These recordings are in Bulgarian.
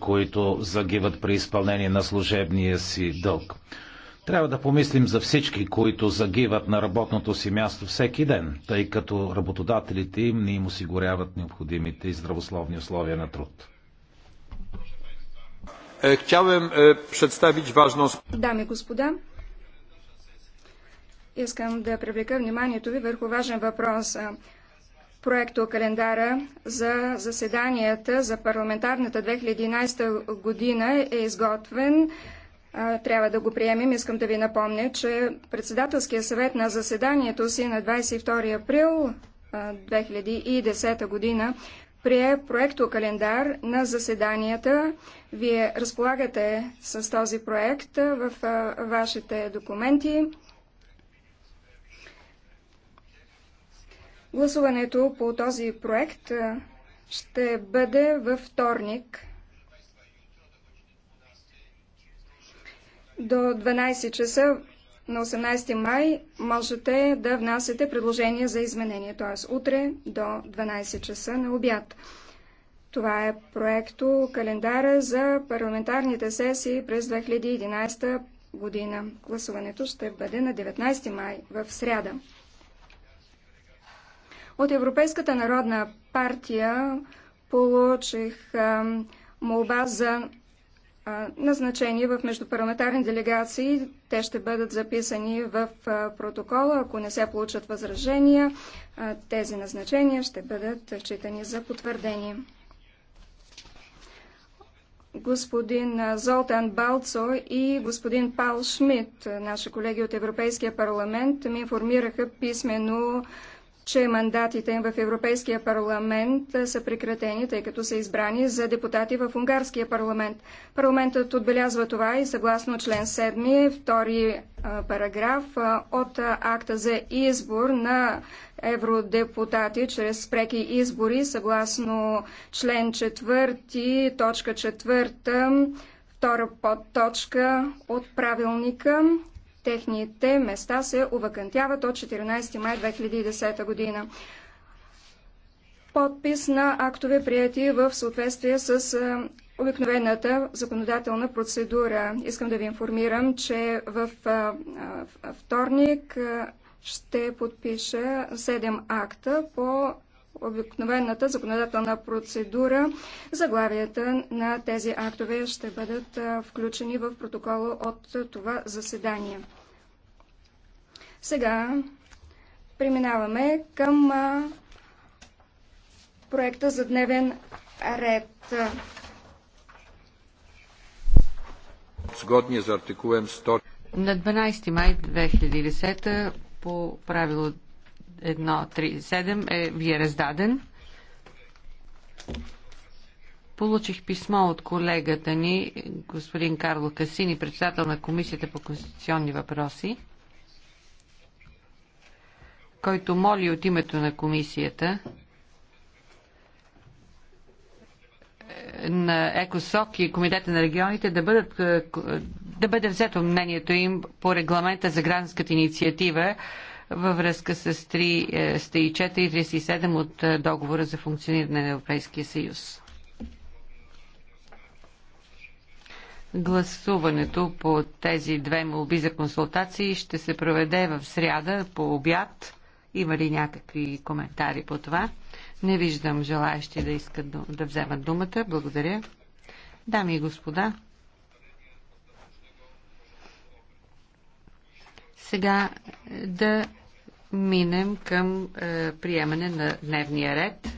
които загиват при изпълнение на служебния си дълг. Трябва да помислим за всички, които загиват на работното си място всеки ден, тъй като работодателите им не им осигуряват необходимите и здравословни условия на труд. Е, е, Дами и господа, искам да привлека вниманието ви върху важен въпрос проекто календара за заседанията за парламентарната 2011 година е изготвен. Трябва да го приемем. Искам да ви напомня, че председателския съвет на заседанието си на 22 април 2010 година прие проекто календар на заседанията. Вие разполагате с този проект в вашите документи. Гласуването по този проект ще бъде във вторник до 12 часа на 18 май можете да внасяте предложения за изменение, т.е. утре до 12 часа на обяд. Това е проекто календара за парламентарните сесии през 2011 година. Гласуването ще бъде на 19 май в сряда. От Европейската народна партия получих молба за назначение в междупарламентарни делегации. Те ще бъдат записани в протокола. Ако не се получат възражения, тези назначения ще бъдат считани за потвърдени. Господин Золтан Балцо и господин Пал Шмидт, наши колеги от Европейския парламент, ми информираха писменно че мандатите им в Европейския парламент са прекратени, тъй като са избрани за депутати в Унгарския парламент. Парламентът отбелязва това и съгласно член 7, втори параграф от акта за избор на евродепутати чрез преки избори, съгласно член 4, точка 4, втора подточка от правилника Техните места се увакантяват от 14 май 2010 година. Подпис на актове, прияти в съответствие с обикновената законодателна процедура. Искам да ви информирам, че в вторник ще подпиша 7 акта по обикновената законодателна процедура. Заглавията на тези актове ще бъдат включени в протокола от това заседание. Сега преминаваме към проекта за дневен ред. Сгодния за артикулен 100. На 12 май 2010 по правило 137 е, ви е раздаден. Получих писмо от колегата ни, господин Карло Касини, председател на Комисията по конституционни въпроси, който моли от името на комисията е, на ЕКОСОК и Комитета на регионите да, бъдат, е, да бъде взето мнението им по регламента за гражданската инициатива, във връзка с 304 37 е, от е, договора за функциониране на Европейския съюз. Гласуването по тези две молби за консултации ще се проведе в сряда по обяд. Има ли някакви коментари по това? Не виждам желаящи да искат да вземат думата. Благодаря. Дами и господа, сега е, да минем към е, приемане на дневния ред.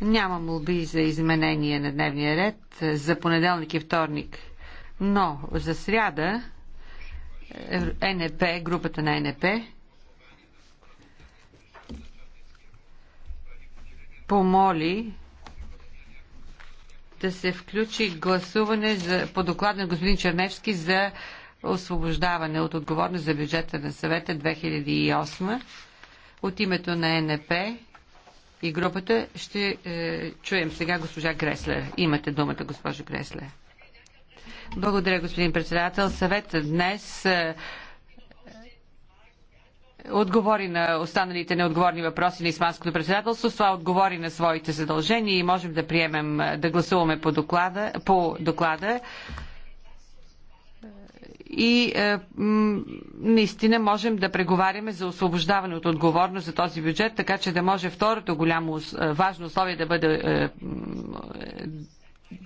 Няма молби за изменение на дневния ред за понеделник и вторник, но за сряда е, НП, групата на НП, помоли да се включи гласуване за, по доклад на господин Черневски за освобождаване от отговорност за бюджета на съвета 2008 от името на НП и групата ще е, чуем сега госпожа Греслер. Имате думата, госпожа Греслер. Благодаря, господин председател. Съветът днес е, отговори на останалите неотговорни въпроси на Исманското председателство. Това отговори на своите задължения и можем да приемем, е, да гласуваме по доклада. По доклада и е, наистина можем да преговаряме за освобождаване от отговорност за този бюджет, така че да може второто голямо е, важно условие да бъде е, е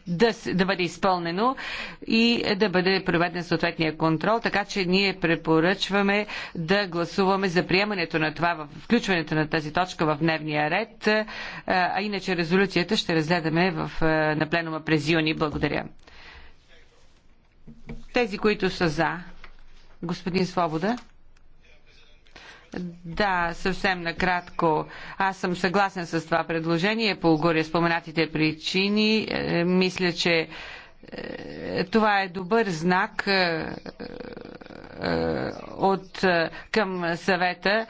да, да бъде изпълнено и да бъде проведен съответния контрол, така че ние препоръчваме да гласуваме за приемането на това, включването на тази точка в дневния ред, е, а иначе резолюцията ще разгледаме в, на пленума през юни. Благодаря. Тези, които са за. Господин Свобода. Да, съвсем накратко. Аз съм съгласен с това предложение по горе споменатите причини. Е, мисля, че е, това е добър знак е, от към съвета,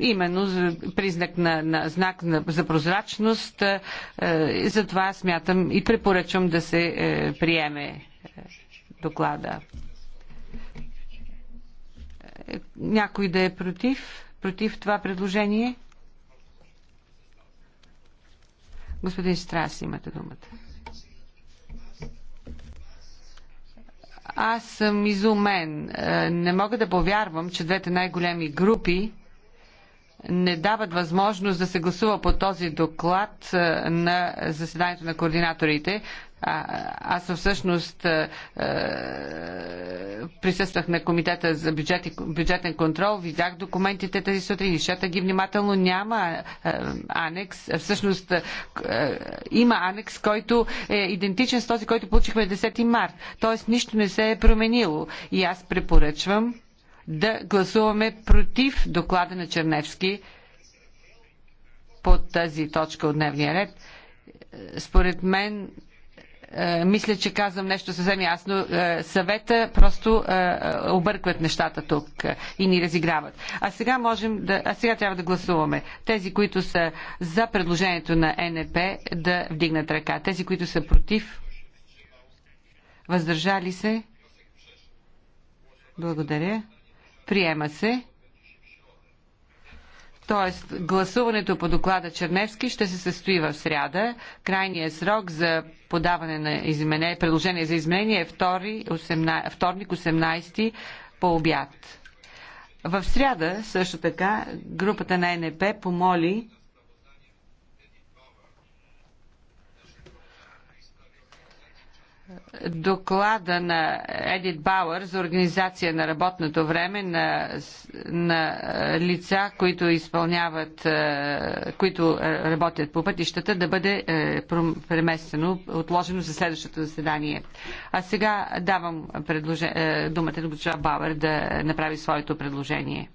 именно признак на, на знак на, за прозрачност. Затова смятам и препоръчвам да се приеме доклада. Някой да е против? Против това предложение? Господин Страс, имате думата. Аз съм изумен. Е, не мога да повярвам, че двете най-големи групи не дават възможност да се гласува по този доклад на заседанието на координаторите. А, аз всъщност а, а, присъствах на комитета за бюджет и, бюджетен контрол, видях документите тази сутрин, изчета ги внимателно, няма а, анекс, всъщност а, има анекс, който е идентичен с този, който получихме 10 март. Тоест нищо не се е променило. И аз препоръчвам да гласуваме против доклада на Черневски по тази точка от дневния ред. Според мен, е, мисля, че казвам нещо съвсем ясно. Е, съвета просто е, объркват нещата тук и ни разиграват. А сега можем да. А сега трябва да гласуваме. Тези, които са за предложението на НП, да вдигнат ръка. Тези, които са против, въздържали се. Благодаря. Приема се. Тоест, гласуването по доклада Черневски ще се състои в сряда. Крайният срок за подаване на изменение, предложение за изменение е втори, 18, вторник 18 по обяд. В сряда, също така, групата на НП помоли доклада на Едит Бауър за организация на работното време на, на лица, които изпълняват, е, които работят по пътищата, да бъде е, преместено, отложено за следващото заседание. А сега давам е, думата на госпожа Бауър да направи своето предложение.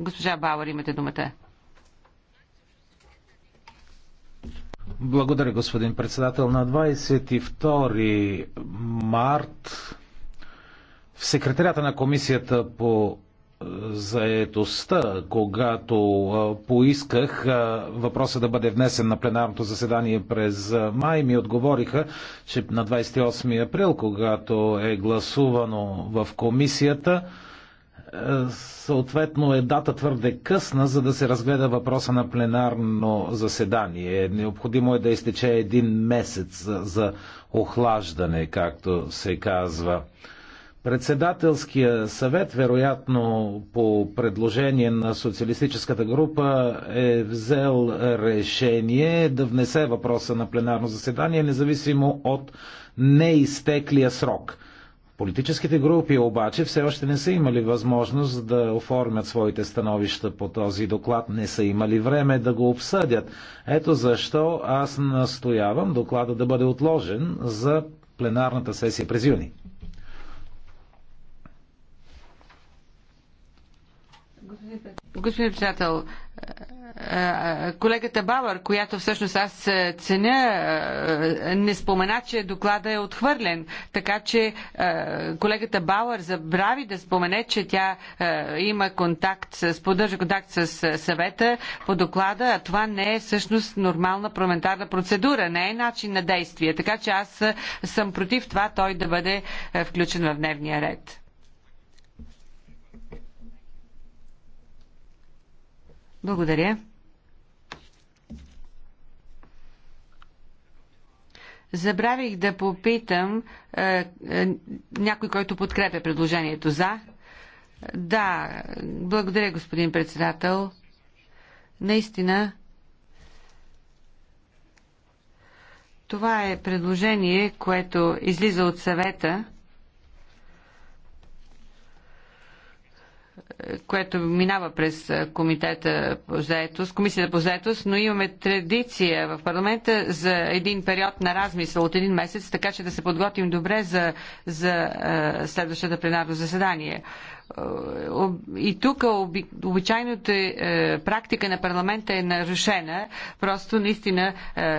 Госпожа Бауър, имате думата. Благодаря, господин председател. На 22 март в секретарята на комисията по е, заедостта, когато е, поисках е, въпроса да бъде внесен на пленарното заседание през май, ми отговориха, че на 28 април, когато е гласувано в комисията, Съответно е дата твърде късна, за да се разгледа въпроса на пленарно заседание. Необходимо е да изтече един месец за охлаждане, както се казва. Председателския съвет, вероятно по предложение на социалистическата група, е взел решение да внесе въпроса на пленарно заседание, независимо от неизтеклия срок – Политическите групи обаче все още не са имали възможност да оформят своите становища по този доклад, не са имали време да го обсъдят. Ето защо аз настоявам доклада да бъде отложен за пленарната сесия през юни. Господин председател, е, е, колегата Бавар, която всъщност аз е, ценя, не спомена, че доклада е отхвърлен. Така че колегата Бауър забрави да спомене, че тя има контакт с, поддържа контакт с съвета по доклада, а това не е всъщност нормална парламентарна процедура, не е начин на действие. Така че аз съм против това той да бъде включен в дневния ред. Благодаря. Забравих да попитам е, е, някой, който подкрепя предложението за. Да, благодаря, господин председател. Наистина, това е предложение, което излиза от съвета. което минава през комитета по заетост, комисията по заетост, но имаме традиция в парламента за един период на размисъл от един месец, така че да се подготвим добре за, за е, следващата пленарно заседание. Е, и тук обичайната е, практика на парламента е нарушена. Просто наистина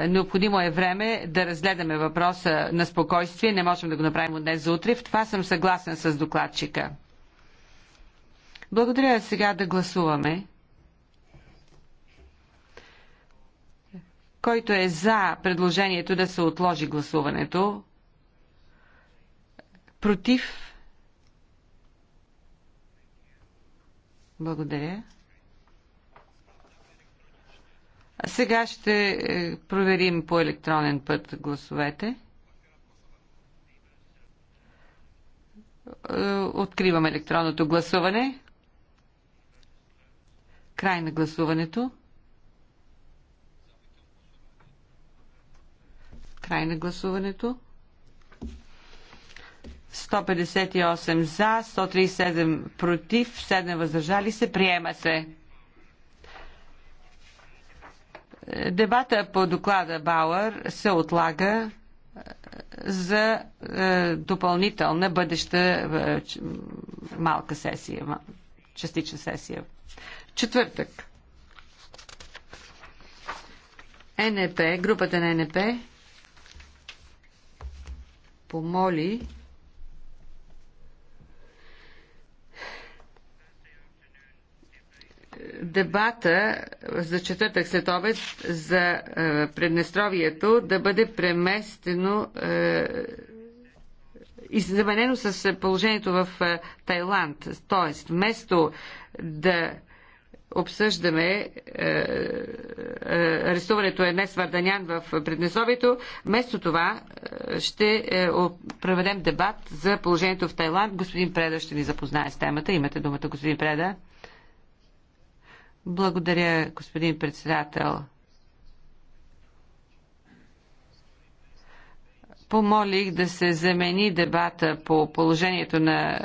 необходимо е време да разгледаме въпроса на спокойствие. Не можем да го направим от днес за утре. В това съм съгласен с докладчика. Благодаря сега да гласуваме. Който е за предложението да се отложи гласуването, против. Благодаря. А сега ще е, проверим по електронен път гласовете. Е, откривам електронното гласуване. Край на гласуването. Край на гласуването. 158 за, 137 против, 7 въздържали се. Приема се. Дебата по доклада Бауър се отлага е, за е, допълнителна бъдеща е, малка сесия, частична сесия. Четвъртък. НП, групата на НП помоли дебата за четвъртък след обед за е, Преднестровието да бъде преместено е, и заменено с положението в е, Тайланд. Тоест, вместо да обсъждаме е, е, е, арестуването е днес Варданян в Преднесовието. Вместо това е, ще е, проведем дебат за положението в Тайланд. Господин Преда ще ни запознае с темата. Имате думата, господин Преда. Благодаря, господин председател. помолих да се замени дебата по положението на е,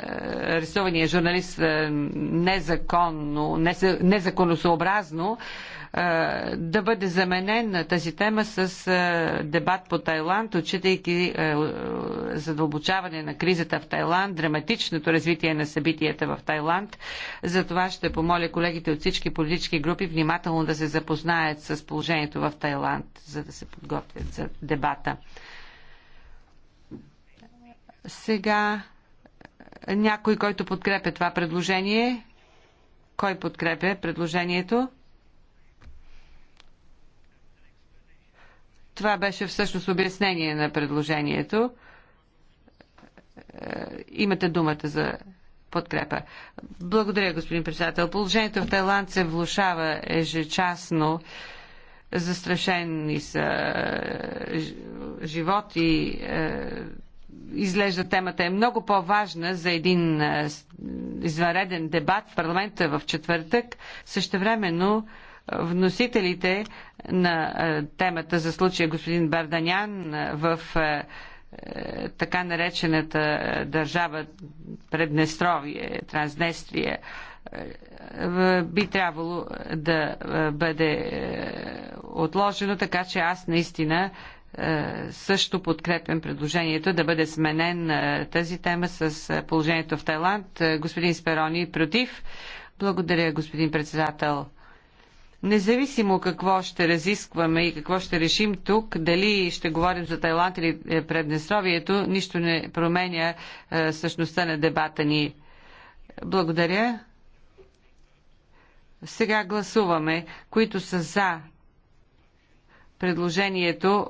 арестования журналист е, незаконно, незаконосообразно. Е, да бъде заменен тази тема с дебат по Тайланд, отчитайки задълбочаване на кризата в Тайланд, драматичното развитие на събитията в Тайланд. За това ще помоля колегите от всички политически групи внимателно да се запознаят с положението в Тайланд, за да се подготвят за дебата. Сега е, някой, който подкрепя това предложение. Кой подкрепя предложението? Това беше всъщност обяснение на предложението. Е, имате думата за подкрепа. Благодаря, господин председател. Положението в Тайланд се влушава ежечасно. Застрашени са е, животи, изглежда темата е много по-важна за един е, извънреден дебат в парламента в четвъртък. Същевременно е, вносителите на е, темата за случая господин Барданян в така наречената държава Преднестровие, Транснестрие, би трябвало да бъде отложено, така че аз наистина е, също подкрепям предложението да бъде сменен е, тази тема с е, положението в Тайланд. Господин Сперони против. Благодаря, господин председател. Независимо какво ще разискваме и какво ще решим тук, дали ще говорим за Тайланд или Преднесровието, нищо не променя същността на дебата ни. Благодаря. Сега гласуваме, които са за предложението